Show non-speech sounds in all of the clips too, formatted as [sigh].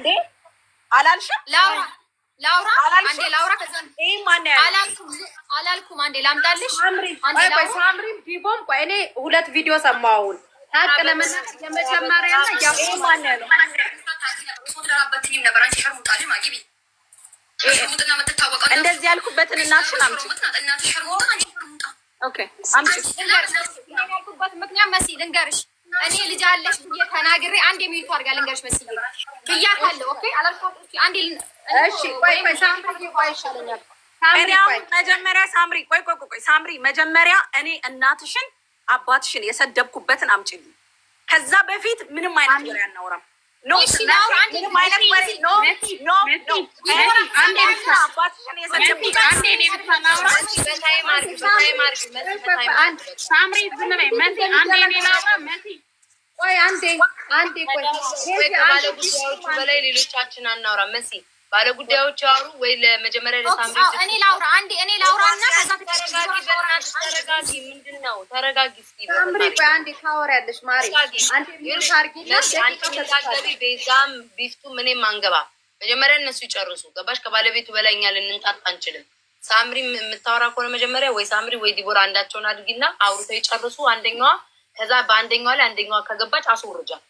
እንዴ አላልሽም? ላውራ ላውራ አንዴ ላውራ። ከዛ አላልኩም። አንዴ ላምጣልሽ። ሳምሪ ቢቦም ቆይ እኔ ሁለት ቪዲዮ ሰማውን ሀቅ ለመናገር የመጀመሪያ እንደዚህ ያልኩበትን እናትሽን አምጪ። ኦኬ አምጪ ያልኩበት ምክንያት መሲ ልንገርሽ እኔ ልጅ አለሽ ብዬ ተናግሬ አንድ የሚሉ አድርጋ ልንገርሽ መስዬ ብያታለሁ። ኦኬ አላልኩም። አንዴ እሺ፣ ቆይ ቆይ፣ ሳምሪ ቆይ፣ ይሻለኛል። ሳምሪ መጀመሪያ ሳምሪ ቆይ ቆይ ቆይ፣ ሳምሪ መጀመሪያ እኔ እናትሽን አባትሽን የሰደብኩበትን አምጪልኝ። ከዛ በፊት ምንም አይነት ወሬ አናውራም። ኖ ሳምሪ ዝም በይ መሲ አንዴ ሌላ መሲ ቆይ አንዴ አንዴ ቆይ በላይ ሌሎቻችን አናውራ መሲ ባለ ወይ ለመጀመሪያ እኔ ላውራ አንዴ እኔ ላውራ እና ከዛ ተረጋጊ ምንድን ነው ተረጋጊ ሳምሪ ቆይ አንዴ ታወሪያለሽ ማሪ አንዴ ቤዛም ቢፍቱ አንገባ መጀመሪያ እነሱ ይጨርሱ ገባሽ ከባለቤቱ በላይ እኛ አንችልም ሳምሪ የምታወራ ከሆነ መጀመሪያ ወይ ሳምሪ ወይ ዲቦራ አንዳቸውን አድርጊና አውርተው ይጨርሱ አንደኛዋ ከዛ በአንደኛው ላይ አንደኛዋ ከገባች አስወርጃል።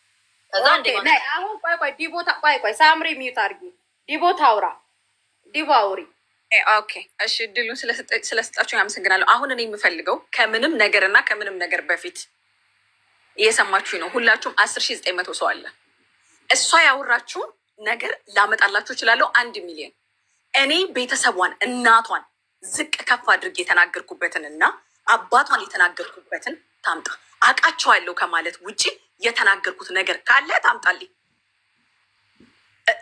ከዛ አሁን ቆይ ቆይ ዲቦ ቆይ ቆይ ሳምሪ ሚዩት አድርጊ። ዲቦ ታውራ ዲቦ አውሪ። ኦኬ እሺ፣ እድሉን ስለሰጣችሁ ያመሰግናለሁ። አሁን እኔ የምፈልገው ከምንም ነገር እና ከምንም ነገር በፊት እየሰማችሁ ነው ሁላችሁም አስር ሺ ዘጠኝ መቶ ሰው አለ። እሷ ያወራችሁ ነገር ላመጣላችሁ እችላለሁ አንድ ሚሊዮን እኔ ቤተሰቧን እናቷን ዝቅ ከፍ አድርጌ የተናገርኩበትን እና አባቷን የተናገርኩበትን ታምጣ። አውቃቸዋለሁ ከማለት ውጭ የተናገርኩት ነገር ካለ ታምጣልኝ።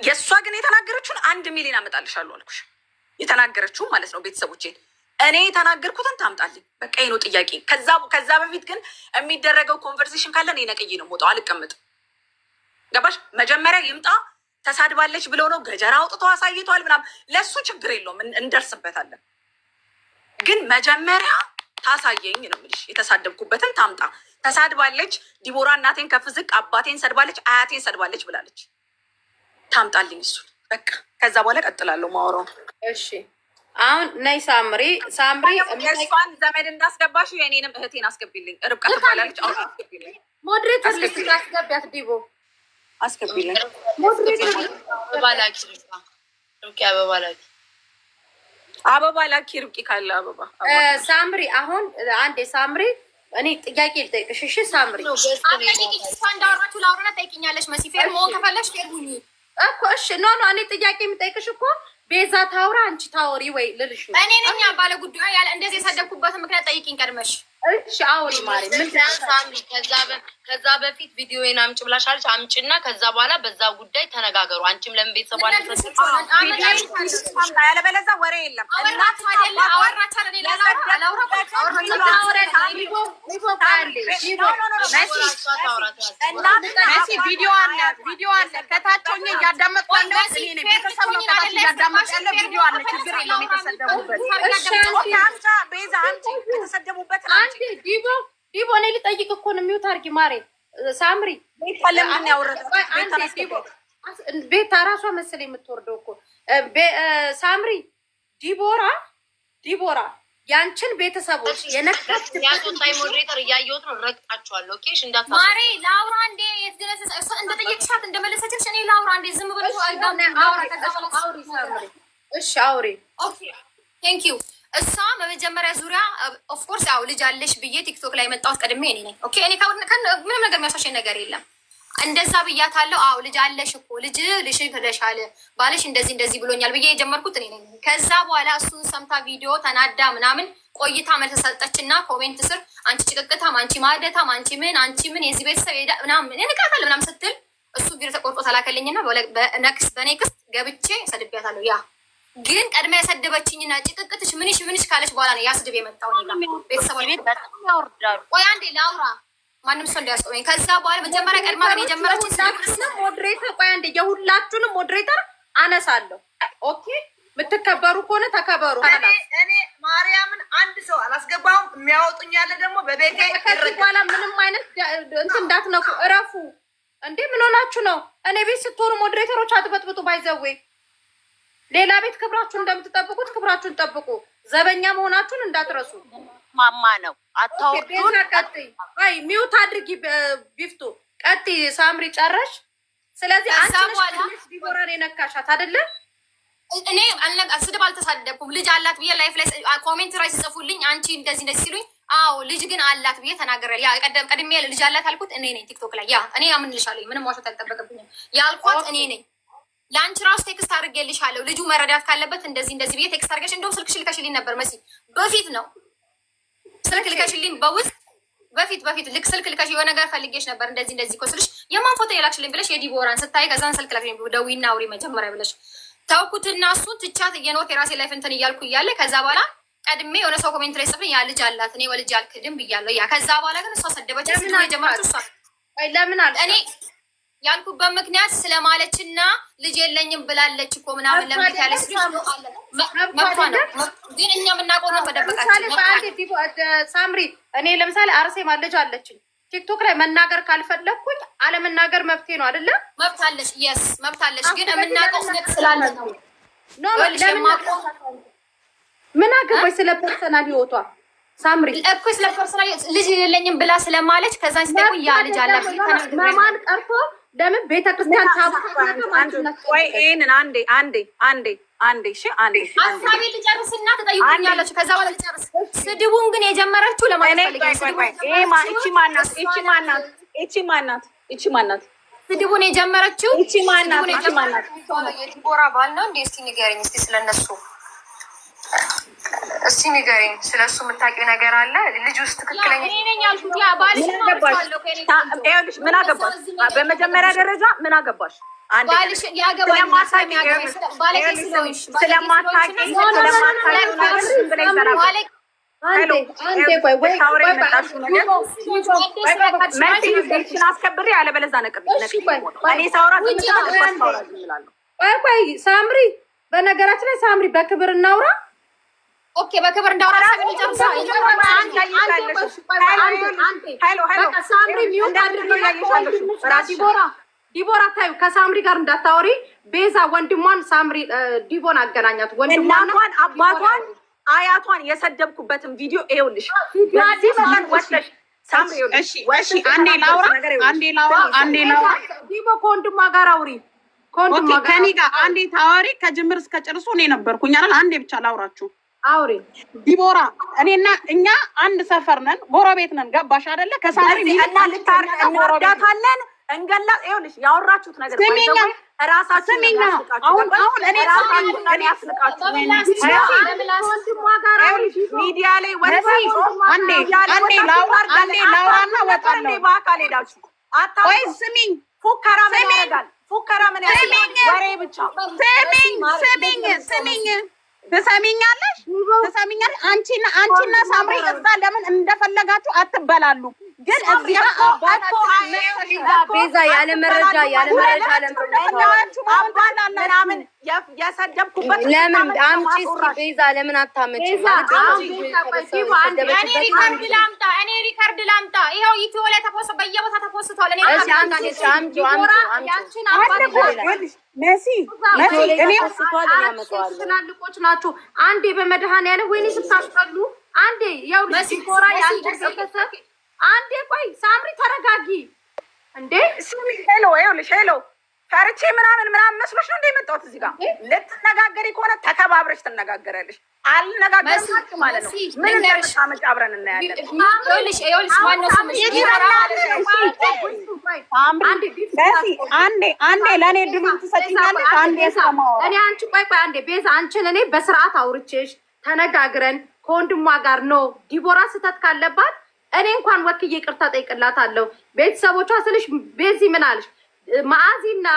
የእሷ ግን የተናገረችውን አንድ ሚሊዮን አመጣልሻለሁ አልኩሽ። የተናገረችውን ማለት ነው ቤተሰቦቼን እኔ የተናገርኩትን ታምጣልኝ። በቃ ይህ ነው ጥያቄ። ከዛ በፊት ግን የሚደረገው ኮንቨርሴሽን ካለ እኔ ነቅዬ ነው የምወጣው፣ አልቀምጥም። ገባሽ? መጀመሪያ ይምጣ። ተሳድባለች ብለው ነው ገጀራ አውጥቶ አሳይቷል ምናምን። ለእሱ ችግር የለውም እንደርስበታለን። ግን መጀመሪያ ታሳየኝ ነው የምልሽ። የተሳደብኩበትን ታምጣ። ተሳድባለች። ዲቦራ እናቴን ከፍዝቅ አባቴን ሰድባለች፣ አያቴን ሰድባለች ብላለች። ታምጣልኝ እሱ በቃ። ከዛ በኋላ ቀጥላለሁ ማውራው። እሺ አሁን ነይ ሳምሪ፣ ሳምሪ የእሷን ዘመድ እንዳስገባሽ የእኔንም እህቴን አስገቢልኝ። ርብቃ ትባላለች። አሁን አስገቢልኝ፣ ሞድሬተር አስገቢያት፣ ዲቦ አስገቢልኝ፣ ሞድሬተር ባላቂ ርብቃ በባላቂ አበባ ላኪ ርብቃ ካለ አበባ ሳምሪ፣ አሁን አንድ ሳምሪ፣ እኔ ጥያቄ ልጠይቅሽ። እሺ ሳምሪ፣ እንዳወራችሁ ላውራና ጠይቅኛለሽ። መሲፌር ፌር መሆን ከፈለሽ ፌርቡኝ እኮ እሺ። ኖ ኖ፣ እኔ ጥያቄ የምጠይቅሽ እኮ ቤዛ ታውራ አንቺ ታወሪ ወይ ልልሽ። እኔ ነኛ ባለ ጉዳዩ ያለ እንደዚህ የሰደብኩበትን ምክንያት ጠይቅኝ ቀድመሽ ከዛ በፊት ቪዲዮዬን አምጭ ብላሻለች። አምጭና ከዛ በኋላ በዛ ጉዳይ ተነጋገሩ። አንቺም ለምን ቤተሰብ ያለበለዛ ወሬ የለም። ያለ ቪዲዮ አለ። ችግር የለም ቤዛ አንቺ አንቺ ግን ዲቦ ዲቦ እኔ ልጠይቅ እኮ ነው የሚውት አድርጊ ማሬ ሳምሪ ቤታ ራሷ መሰለኝ የምትወርደው እኮ ሳምሪ ዲቦራ ዲቦራ ያንቺን ቤተሰቦች የነካችጣይ ሞዴሬተር እያየሁት ነው። ረግጣችኋለሁ። ኬሽ እንዳማሬ ላውራ እንዴ እንደጠየቅሻት እንደመለሰችልሽ እኔ ላውራ እንዴ ዝም ብሎ አውሪ። እሺ አውሪ። ቴንኪዩ እሷ በመጀመሪያ ዙሪያ ኦፍኮርስ ያው ልጅ አለሽ ብዬ ቲክቶክ ላይ የመጣሁት ቀድሜ እኔ ነኝ። ኦኬ እኔ ምንም ነገር የሚያሳሸኝ ነገር የለም። እንደዛ ብያታለሁ። አዎ ልጅ አለሽ እኮ ልጅ ልሽ ክደሻል፣ ባለሽ እንደዚህ እንደዚህ ብሎኛል ብዬ የጀመርኩት እኔ ነኝ። ከዛ በኋላ እሱን ሰምታ ቪዲዮ ተናዳ ምናምን ቆይታ መልስ ሰጠችና ኮሜንት ስር አንቺ ጭቅቅታም፣ አንቺ ማደታም፣ አንቺ ምን አንቺ ምን የዚህ ቤተሰብ ሄዳ ምናምን ንቃታል ምናምን ስትል እሱ ቪዲዮ ተቆርጦ ተላከልኝና በኔክስት ገብቼ ሰድቤያታለሁ ያ ግን ቀድማ ያሰደበችኝና ጭቅቅትሽ ምንሽ ምንሽ ካለች በኋላ ነው ያስድብ የመጣው ቤተሰቦ ቆይ አንዴ ላውራ ማንም ሰው እንዳያስቆመኝ። ከዛ በኋላ መጀመሪያ ቀድማ ግን የጀመረችን ሞድሬተር፣ ቆይ አንዴ የሁላችሁንም ሞድሬተር አነሳለሁ። ኦኬ የምትከበሩ ከሆነ ተከበሩ። እኔ ማርያምን አንድ ሰው አላስገባሁም። የሚያወጡኝ ያለ ደግሞ በቤቴ ከዚህ በኋላ ምንም አይነት እንትን እንዳትነኩ፣ እረፉ። እንዴ ምን ሆናችሁ ነው? እኔ ቤት ስትሆኑ ሞድሬተሮች አትበጥብጡ ባይዘዌ ሌላ ቤት ክብራችሁን እንደምትጠብቁት ክብራችሁን ጠብቁ። ዘበኛ መሆናችሁን እንዳትረሱ። ማማ ነው አታወቅቱን። ቀጥይ አይ ሚውት አድርጊ ቢፍቱ። ቀጥይ ሳምሪ ጨረሽ። ስለዚህ አንቺ ዲቦራን የነካሻት አይደለም። እኔ ስድብ አልተሳደብኩም። ልጅ አላት ብዬ ላይፍ ላይ ኮሜንት ላይ ሲጽፉልኝ አንቺ እንደዚህ እንደዚህ ሲሉኝ አዎ ልጅ ግን አላት ብዬ ተናገራል። ያ ቀደም ቀድሜ ልጅ አላት አልኩት እኔ ነኝ። ቲክቶክ ላይ ያ እኔ አምንልሻለሁ። ምንም ዋሸት አልጠበቅብኝም። ያልኳት እኔ ነኝ። ለአንቺ ራሱ ቴክስት አድርጌልሻለሁ። ልጁ መረዳት ካለበት እንደዚህ እንደዚህ ብዬ ቴክስት አድርገሽ እንደውም ስልክሽ ልከሽልኝ ነበር መሲ በፊት ነው ስልክ ልከሽልኝ በውስጥ በፊት በፊት ልክ ስልክ ልከሽ የሆነ ነገር ፈልጌሽ ነበር እንደዚህ እንደዚህ ኮስልሽ የማን ፎቶ የላክሽልኝ ብለሽ የዲቦራን ስታይ ከዛን ስልክ ለክሽ ደዊና አውሪ መጀመሪያ ብለሽ ተውኩትና እሱን ትቻት እየኖት የራሴ ላይፍ እንትን እያልኩ እያለ ከዛ በኋላ ቀድሜ የሆነ ሰው ኮሜንት ላይ ጽፍን ያ ልጅ አላት እኔ ወልጅ አልክድም ብያለሁ። ያ ከዛ በኋላ ግን እሷ ሰደበች ጀመረች እሷ ለምን አለ እኔ ያልኩበት ምክንያት ስለማለች እና ልጅ የለኝም ብላለች እኮ ምናምን ለምት ነው። ግን እኛ የምናውቀው ነው በደበቃችሁ ሳምሪ። እኔ ለምሳሌ አርሴማ ልጅ አለችኝ ቲክቶክ ላይ መናገር ካልፈለግኩኝ አለመናገር መብቴ ነው አይደለም? መብት አለሽ፣ የስ መብት አለሽ። ግን የምናውቀው እውነት ስላለ ነው። ምን አገባኝ ስለ ፐርሰናል ህይወቷ ሳምሪ እኮ ስለ ፐርሰናል ልጅ የለኝም ብላ ስለማለች ከዛን ሲጠቁ ያ ልጅ አላት ማን ቀርቶ ለምን ቤተ ክርስቲያን ሀሳቤ ልጨርስና ትጠይቁኛለች። ከዛ ልጨርስ። ስድቡን ግን የጀመረችው ማናት? ስድቡን የጀመረችው ባል ነው እንዴ? እስኪ ንገረኝ ስለነሱ እስቲ ንገሪኝ፣ ስለ እሱ የምታውቂው ነገር አለ? ልጅ ውስጥ ትክክለኛ ምን አገባሽ? በመጀመሪያ ደረጃ ምን አገባሽ? ስለማታውቂው አስከብሬ ያለበለዛ ሳውራ ቆይ ቆይ ሳምሪ፣ በነገራችን ላይ ሳምሪ በክብር እናውራ ኦኬ በክብር እንዳወራ ሳምሪ ሚዩት ዲቦራ ዲቦራ ታዩ ከሳምሪ ጋር እንዳታወሪ ቤዛ ወንድሟን ሳምሪ ዲቦን አገናኛት ወንድሟን አባቷን አያቷን የሰደብኩበትን ቪዲዮ ይኸውልሽ ከኔ ጋር አንዴ ታዋሪ ከጅምር እስከ ጨርሶ እኔ ነበርኩኝ አይደል አንዴ ብቻ ላውራችሁ አውሪ ዲቦራ፣ እኔና እኛ አንድ ሰፈር ነን፣ ጎረቤት ነን። ገባሽ አደለ? ከሳሪ እና ልታር እንወዳታለን እንገላ ይኸውልሽ፣ ያወራችሁት ነገር ስሚኛ፣ ራሳችሁን አሁን አሁን እኔ እኔ ያስልቃችሁ ሚዲያ ላይ ወንዴ አንዴ አንዴ ላውራ አንዴ ላውራና ወጣለሁ። በአካል ሄዳችሁ አታውይ። ስሚኝ፣ ፉከራ ምን ያደርጋል? ፉከራ ምን ያደርጋል? ወሬ ብቻ። ስሚኝ ስሚኝ ስሚኝ ትሰሚኛለሽ? ትሰሚኛለሽ? አንቺና አንቺና ሳምሪ እዛ ለምን እንደፈለጋችሁ አትበላሉ። ግን እዚህ ቤዛ ያለ መረጃ ያለ መረጃ ለምን ያሳደብኩበት ለምን አምጪ እስኪ ቤዛ ለምን ናችሁ። አንዴ በመድኃኒዓለም ወይኔ ስታስጠሉ። አንዴ ያው ሲኮራ አንዴ ቆይ ሳምሪ ተረጋጊ እንዴ ሄሎ ፈርቼ ምናምን ምናምን መስሎሽ ነው እንደመጣሁት እዚህ ጋር ልትነጋገሪ ከሆነ ተከባብረሽ ትነጋገሪያለሽ። አልነጋገርሽ ማለት ነው። ምን አብረን እናያለን። አንዴ አንዴ እኔ አንቺ ቆይ ቆይ አንዴ በስርዓት አውርቼሽ ተነጋግረን ከወንድሟ ጋር ነው። ዲቦራ ስህተት ካለባት እኔ እንኳን ወክዬ ቅርታ ጠይቅላታለሁ። ቤተሰቦቿ ስልሽ ቤዚ ምን አለሽ? መዓዚና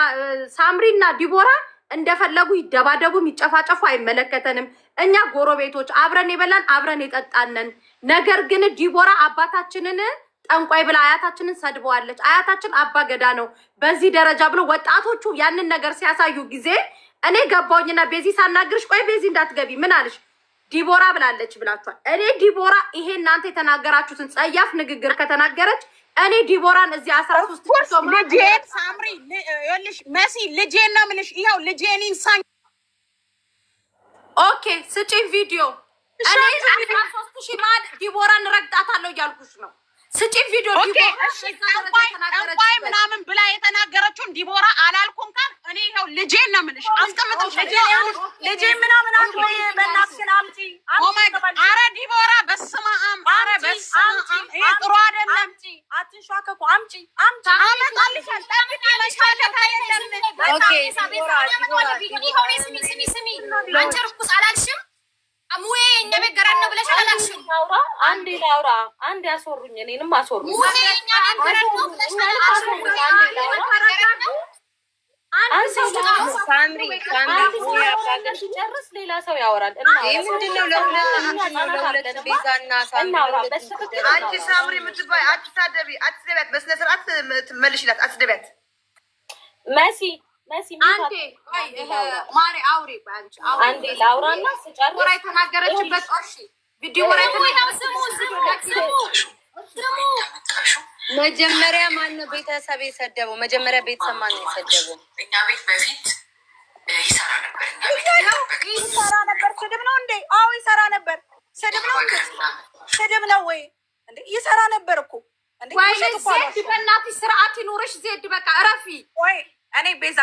ሳምሪና ዲቦራ እንደፈለጉ ይደባደቡ ይጨፋጨፉ፣ አይመለከተንም። እኛ ጎረቤቶች አብረን የበላን አብረን የጠጣነን። ነገር ግን ዲቦራ አባታችንን ጠንቋይ ብላ አያታችንን ሰድበዋለች። አያታችን አባ ገዳ ነው በዚህ ደረጃ ብሎ ወጣቶቹ ያንን ነገር ሲያሳዩ ጊዜ እኔ ገባውኝና ቤዚ ሳናግርሽ፣ ቆይ ቤዚ እንዳትገቢ ምን አለሽ ዲቦራ ብላለች ብላችኋል። እኔ ዲቦራ ይሄ እናንተ የተናገራችሁትን ጸያፍ ንግግር ከተናገረች እኔ ዲቦራን እዚህ አስራ ሶስት ልጄን ሳምሪ ልሽ መሲ ልጄን ነው የምልሽ። ይኸው ልጄን ኢንሳን ኦኬ ስጪ ቪዲዮ እኔ አስራ ሶስት ሺ ማን ዲቦራን ረግጣታለሁ እያልኩሽ ነው። ስጪ ቪዲዮ ጠንቋይ ምናምን ብላ የተናገረችውን ዲቦራ አላልኩም ካል እኔ ይኸው ልጄ ነው የምልሽ። አስቀምጥሽ ልጄ ምናምን አትበይ፣ በእናትሽን አምጪ። አረ ዲቦራ በስመ አብ፣ አረ በስመ አብ፣ ይሄ ጥሩ አይደለም። አትንሸዋከኩ፣ አምጪ አምጪ። አመጣልሻል። ጠብቂ መሽታለት አይደለም። ስሚ ስሚ ስሚ፣ አንቺ ርኩስ አላልሽም ሙዬ የእኛ ቤት ገረድ ነው ብለሽ አላልሽም። አንዴ ላውራ አንዴ አስወሩኝ፣ እኔንም አስወሩኝ። ሙዬ የእኛ ቤት ገረድ ነው ብለሽ አላልሽም። ጨርስ ሌላ ሰው ያወራል። አንቺ ሳምሪ የምትባይ አትሳደቢ፣ አትስደቢያት። በስነ ስርዓት መልሽላት፣ አትስደቢያት። መሲ መሲ ማሪ አውሪ፣ አንዴ ላውራና ስጨርስ የተናገረችበት ቪዲዮ መጀመሪያ ማን ነው ቤተሰብ የሰደበው? መጀመሪያ ቤተሰብ ማን ነው የሰደበው? እኛ ቤት በፊት ይሰራ ነበር፣ ይሰራ ነበር። ስድብ ነው እንዴ? አዎ ይሰራ ነበር። ስድብ ነው እንዴ? ስድብ ነው ወይ እንዴ? ይሰራ ነበር እኮ በእናትሽ ስርዓት ይኑርሽ ዜድ። በቃ እረፊ እኔ ቤዛ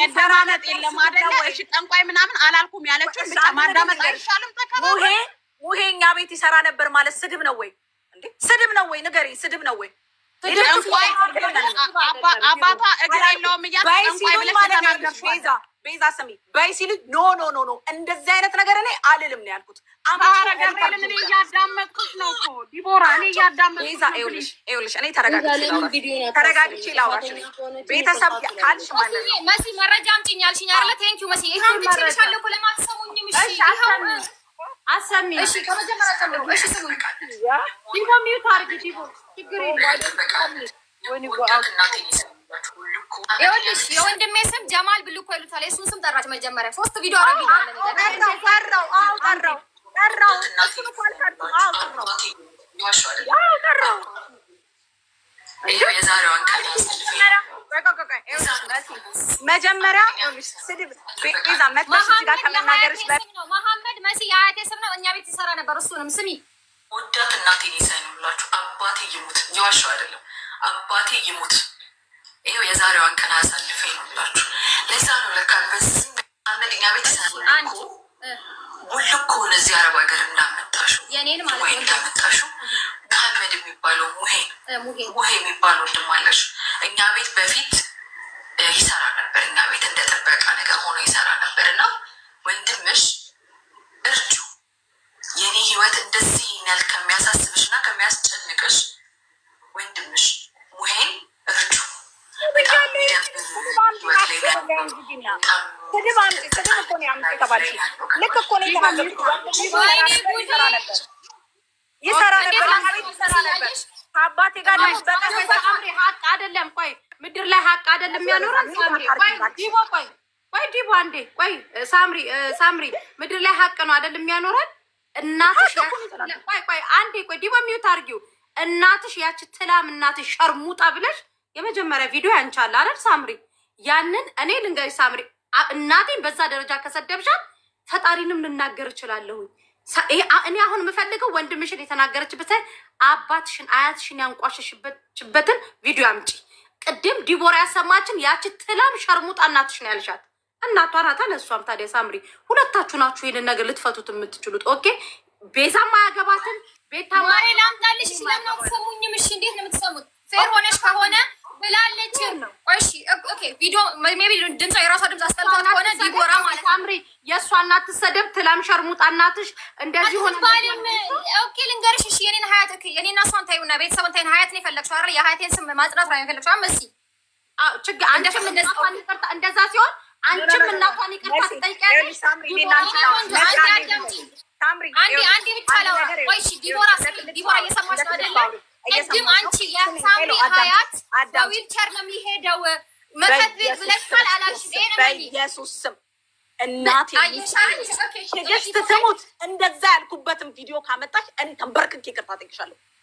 መደማመጥ የለም እሺ ጠንቋይ ምናምን አላልኩም ያለችው ማዳመጥ አይሻልም? ተከባ ሙሄ ሙሄ እኛ ቤት ይሰራ ነበር ማለት ስድብ ነው ወይ? ስድብ ነው ወይ ንገሪ፣ ስድብ ነው ወይ? አባቷ እግር የለውም እያልኩ ቤዛ ስሚ በይ ሲሉኝ ኖ ኖ ኖ ኖ እንደዚህ አይነት ነገር እኔ አልልም ነው ያልኩት። እያዳመጥኩሽ ነው እኮ ዲቦራ፣ እኔ እያዳመጥኩሽ ነው። ይኸውልሽ እኔ ተረጋግቼ ላውራሽ ቤተሰብ ካልሽ ማለት ነው። መሲ መረጃ አምጪኝ አልሽኝ አይደለ? ቴንኪው መሲ። ይኸው ልችልሻለሁ እኮ ለማትሰሙኝም። እሺ ይኸው አሰሚኝ እሺ። ከመጀመሪያ የወንድሜ ስም ጀማል ብልኮ ይሉታል። የእሱን ስም ጠራች መጀመሪያ። ሶስት ቪዲዮ መጀመሪያ መሐመድ መሲ የአያቴ ስም ነው። እኛ ቤት ይሰራ ነበር። እሱንም ስሚ ወዳት እናቴን ይዘን ሁላችሁ አባቴ ይሙት እየዋሸሁ አይደለም። አባቴ ይሙት ይኸው የዛሬዋን ቀን አያሳልፈኝ ነው ለዛ ነው ለካ በዚህ መሐመድ እኛ ቤት ይሰራ ውልቅ ከሆነ እዚህ አረብ ሀገር እንዳመጣሹ ወይ እንዳመጣሹ መሐመድ የሚባለው ሙሄ ሙሄ የሚባለው ወንድማለሽ እኛ ቤት በፊት ይሰራ ነበር። እኛ ቤት ነገር ሆኖ ይሰራ ነበር እና ወንድምሽ ተረጅው የኔ ህይወት እንደዚህ ይናል ከሚያሳስብሽ እና ከሚያስጨንቅሽ ወንድምሽ ሙሄን እርጁ። ይሰራ ነበር ይሰራ ጋር ደግሞ በጣም ሀቅ አይደለም። ቆይ ምድር ላይ ሀቅ አይደለም ያኖራል። ቆይ ቆይ ቆይ ዲቦ አንዴ ቆይ ሳምሪ ሳምሪ ምድር ላይ ሀቅ ነው አይደል የሚያኖረን እናትሽ ቆይ ቆይ አንዴ ቆይ ዲቡ ሚዩት አርጊው እናትሽ ያቺ ትላም እናትሽ ሸርሙጣ ብለሽ የመጀመሪያ ቪዲዮ ያንቻለ አይደል ሳምሪ ያንን እኔ ልንገርሽ ሳምሪ እናቴን በዛ ደረጃ ከሰደብሻት ፈጣሪንም ልናገር እችላለሁኝ እኔ አሁን የምፈልገው ወንድምሽን የተናገረችበትን አባትሽን አያትሽን ያንቋሸሽበትን ቪዲዮ አምጪ ቅድም ዲቦራ ያሰማችን ያቺ ትላም ሸርሙጣ እናትሽ ነው ያልሻት እናቷ ናታ ለእሷም። ታዲያ ሳምሪ ሁለታችሁ ናችሁ ይህንን ነገር ልትፈቱት የምትችሉት። ኦኬ ቤዛም አያገባትም። ቤታ ላምጣልሽ ስለማትሰሙኝም፣ እሺ እንዴት ነው የምትሰሙት? ፌር ሆነሽ ከሆነ ብላለች ነው። እሺ ኦኬ ቪዲዮ ሜቢ ድምፅ የራሷ ድምፅ አስጠልቷት ከሆነ ዲቦራ ማለት ሳምሪ የእሷ እናት ትሰደብ ትላም ሸርሙጣ እናትሽ እንደዚህ ሆነ ኦኬ ልንገርሽ። እሺ የኔን ሀያት የኔና እሷን ታዩና ቤተሰብን ታይን ሀያትን የፈለግሽው አይደል? የሀያቴን ስም ማጽናት ራ የፈለግሽው መሲ ችግር አንደሽም እንደዛ ሲሆን አንቺም እናቷን ይቅርታ ትጠይቂያለሽ። ቅድም አንቺ የሳምሪ ሀያት በዊልቸር ነው የሚሄደው መጠጥ ቤት ብለሻል አላልሽም? በኢየሱስ ስም እናቴ ትሙት። እንደዛ ያልኩበትን ቪዲዮ ካመጣሽ እኔ ተንበርክኬ ይቅርታ እጠይቅሻለሁ።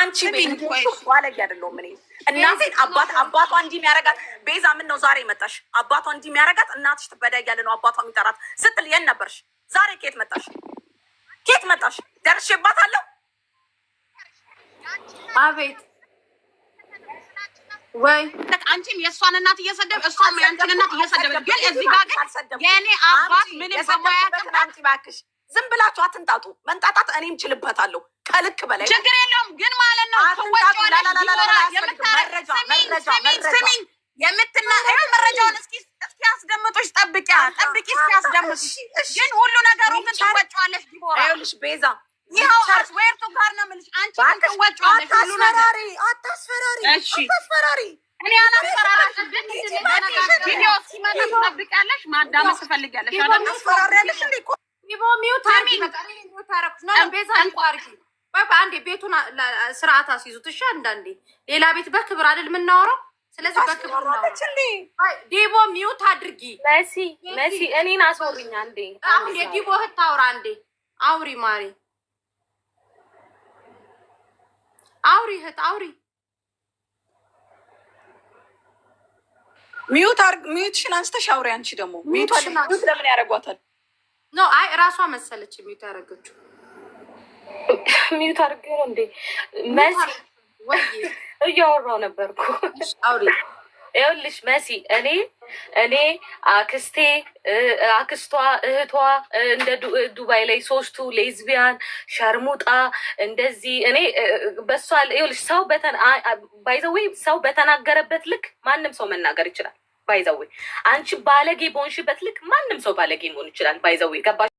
አንቺ ቤት ዋለጊ አይደለሁም እኔ እናቴን አባት አባቷ እንዲህ የሚያረጋት ቤዛ ምን ነው ዛሬ መጣሽ? አባቷ እንዲህ የሚያረጋት እናትሽ ትበዳ ትበዳያለ ነው አባቷ የሚጠራት ስትል የት ነበርሽ? ዛሬ ኬት መጣሽ? ኬት መጣሽ? አለው አቤት ወይ አንቺም የእሷን እናት እየሰደብ እሷም የአንቺን እናት እየሰደብ ግን እዚህ ጋር ግን የእኔ አባት ምንም በማያቅም ባክሽ ዝም ብላችሁ አትንጣጡ። መንጣጣት እኔም ችልበታለሁ ከልክ በላይ ችግር ግን ማለት ነው ሰዎች ሆነሽ ዲቦራ መረጃውን እስኪ እስኪ አስደምጡሽ። ጠብቂያ ጠብቂ እስኪ አስደምጡሽ። ግን ሁሉ ነገሩ ምን ትወጪዋለሽ ዲቦራ? ይኸውልሽ ቤዛ ይኸው አስዌርቱ ጋር ነው የምልሽ። አንቺ ምን ትወጪዋለሽ? ሁሉ አታስፈራሪ፣ አታስፈራሪ እኔ አላስፈራራሽ። ቪዲዮ ሲመጣ ትጠብቂያለሽ፣ ማዳመጥ ትፈልጊያለሽ። አዳመጥ እንዴ ዲቦ ሚውት አርጊ፣ ሚውት አረኩሽ ነው ቤዛ ሚውት አርጊ አንዴ ቤቱን ስርዓት አስይዙት። እሺ አንዳንዴ ሌላ ቤት በክብር አይደል የምናወራው? ስለዚህ በክብር ዲቦ ሚውት አድርጊ። መሲ መሲ እኔን አስወሩኝ አንዴ። አሁን የዲቦ እህት አውራ እንዴ! አውሪ ማሪ፣ አውሪ እህት አውሪ። ሚውት አርግ፣ ሽን አንስተሽ አውሪ። አንቺ ደግሞ ሚውት ለምን ያደርጓታል? ኖ አይ ራሷ መሰለች ሚውት ያደረገችው ሚዩት አድርገህ እንዴ? መሲ [laughs] እያወራው ነበርኩ። ይኸውልሽ መሲ እኔ እኔ አክስቴ አክስቷ እህቷ እንደ ዱባይ ላይ ሶስቱ ሌዝቢያን ሸርሙጣ እንደዚህ እኔ በሷ ይኸውልሽ ሰው ባይዘዌ ሰው በተናገረበት ልክ ማንም ሰው መናገር ይችላል። ባይዘዌ አንቺ ባለጌ በሆንሽበት ልክ ማንም ሰው ባለጌ መሆን ይችላል። ባይዘዌ ገባሽ?